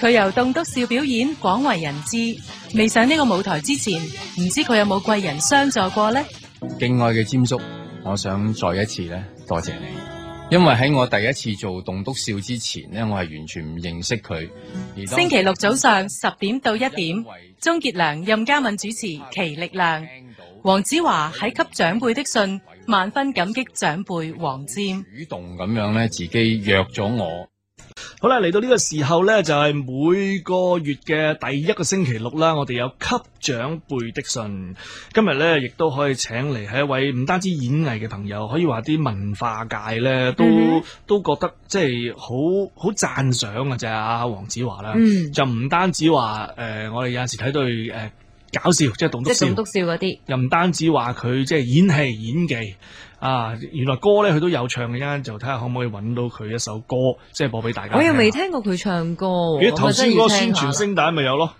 佢、啊、由棟篤笑表演廣為人知，未上呢個舞台之前，唔知佢有冇貴人相助過呢？敬愛嘅霑叔，我想再一次呢多謝你，因為喺我第一次做棟篤笑之前呢，我係完全唔認識佢。星期六早上十點到一點，鍾傑良、任嘉敏主持《奇力量》王華，黃子華喺給長輩的信，萬分感激長輩黃霑。主動咁樣咧，自己約咗我。好啦，嚟到呢個時候咧，就係、是、每個月嘅第一個星期六啦。我哋有給長輩的信，今日咧亦都可以請嚟係一位唔單止演藝嘅朋友，可以話啲文化界咧都、mm-hmm. 都覺得即係好好讚賞嘅啫啊！阿黃子華啦，mm-hmm. 就唔單止話誒、呃，我哋有陣時睇到佢、呃、搞笑，即係棟篤笑，啲，又唔單止話佢即係演戲演技。啊，原來歌咧佢都有唱嘅，一陣就睇下可唔可以揾到佢一首歌，即係播俾大家。我又未聽過佢唱歌、啊，咦，頭先嗰個宣傳聲帶咪有咯，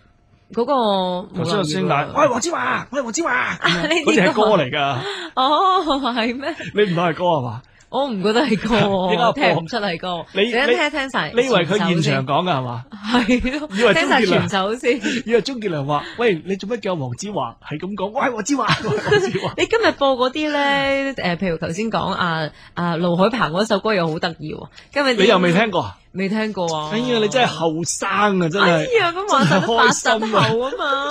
嗰、嗰個頭先個聲帶，喂黃子華，喂黃子華，嗰啲係歌嚟噶。 哦，係咩？你唔係歌係嘛？ 我唔覺得係歌，聽唔出係歌。你聽你聽聽聽，你以為佢現場講㗎係嘛？係咯。 聽晒全首先。 以為鍾傑良話，喂，你做乜叫黃子華係咁講？我係黃子華。 子華子華 你今日播嗰啲咧，誒，譬如頭先講啊啊，盧海鵬嗰首歌又好得意喎。今日你又未聽過？未聽過啊！哎呀，你真係後生啊，真係、哎，真係咁話八十後啊嘛！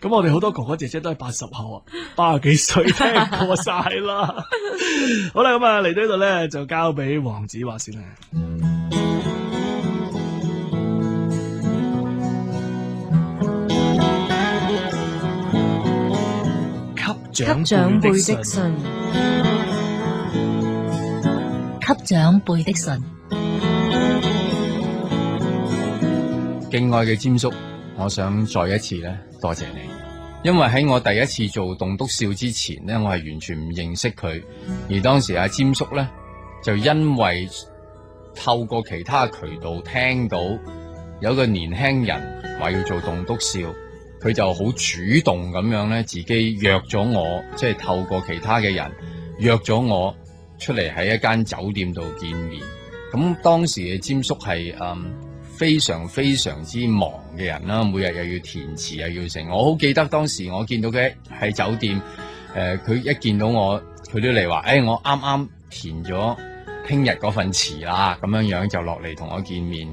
咁 我哋好多哥哥姐姐都係八十後啊，八十幾歲聽過晒啦。 好啦，咁啊嚟到呢度咧，就交俾黃子華先啦。給長輩的信，給長輩的信。敬愛嘅詹叔，我想再一次咧多謝你，因為喺我第一次做棟篤笑之前咧，我係完全唔認識佢，而當時阿詹叔咧就因為透過其他渠道聽到有個年輕人話要做棟篤笑，佢就好主動咁樣咧自己約咗我，即係透過其他嘅人約咗我出嚟喺一間酒店度見面，咁當時嘅詹叔係嗯。非常非常之忙嘅人啦，每日又要填詞又要成。我好記得當時我見到佢喺酒店，誒、呃，佢一見到我，佢都嚟話，誒、哎，我啱啱填咗聽日嗰份詞啦，咁樣樣就落嚟同我見面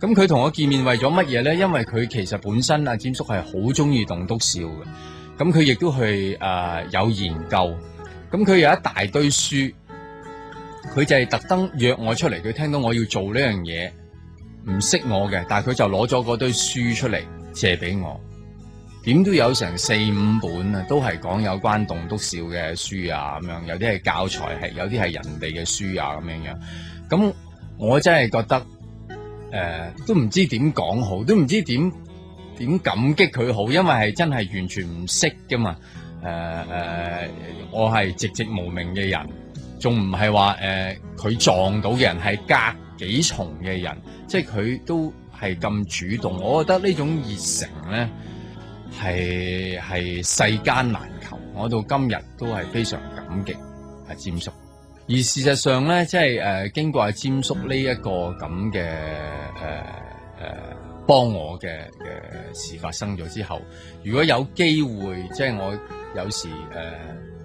嘅。咁佢同我見面為咗乜嘢呢？因為佢其實本身阿占叔係好鍾意棟篤笑嘅，咁佢亦都係誒有研究。咁佢有一大堆書，佢就係特登約我出嚟。佢聽到我要做呢樣嘢。唔識我嘅，但係佢就攞咗嗰堆書出嚟借俾我，點都有成四五本啊，都係講有關棟篤笑嘅書啊，咁樣有啲係教材，係有啲係人哋嘅書啊，咁樣樣。咁我真係覺得，誒、呃，都唔知點講好，都唔知點點感激佢好，因為係真係完全唔識噶嘛，誒、呃、誒、呃，我係籍籍無名嘅人。仲唔係話誒，佢、呃、撞到嘅人係隔幾重嘅人，即係佢都係咁主動。我覺得這種熱呢種熱誠咧，係係世間難求。我到今日都係非常感激阿詹叔。而事實上咧，即係誒、呃、經過阿詹叔呢一個咁嘅誒誒幫我嘅嘅事發生咗之後，如果有機會，即係我有時誒。呃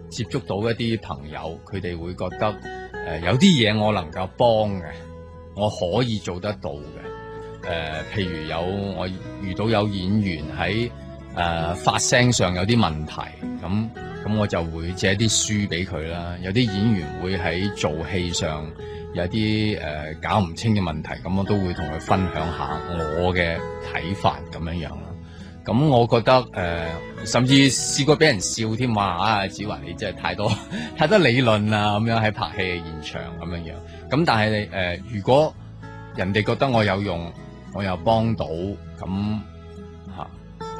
接觸到一啲朋友，佢哋會覺得誒、呃、有啲嘢我能夠幫嘅，我可以做得到嘅。誒、呃，譬如有我遇到有演員喺誒、呃、發聲上有啲問題，咁咁我就會借啲書俾佢啦。有啲演員會喺做戲上有啲誒、呃、搞唔清嘅問題，咁我都會同佢分享下我嘅睇法咁樣樣。咁我覺得誒、呃，甚至試過俾人笑添話啊，子華你真係太多太多理論啦，咁樣喺拍戲嘅現場咁樣樣。咁但係誒、呃，如果人哋覺得我有用，我又幫到，咁、啊、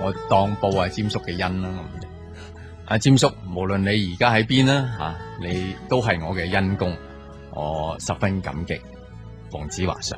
我當報啊詹叔嘅恩啦。阿詹叔，無論你而家喺邊啦嚇，你都係我嘅恩公，我十分感激。黃子華上。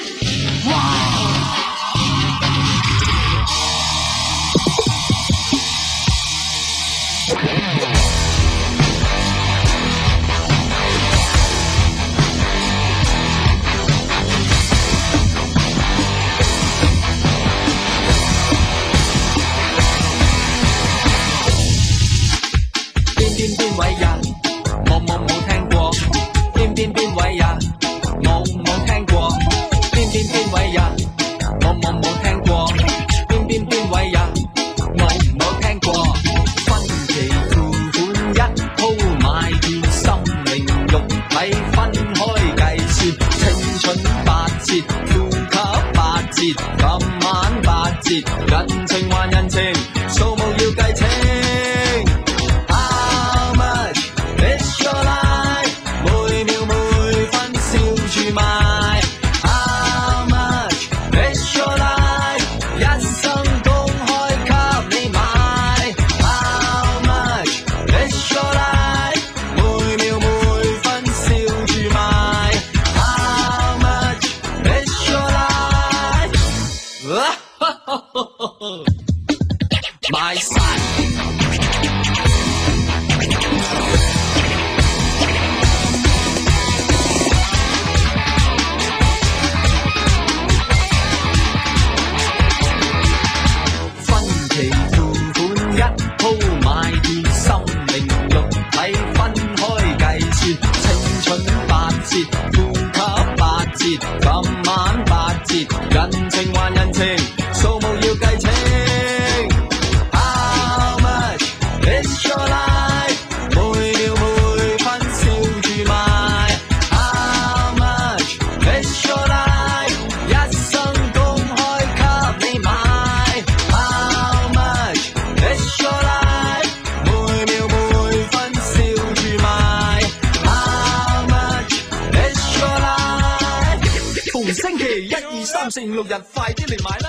三、四、五、六日， 快啲嚟買。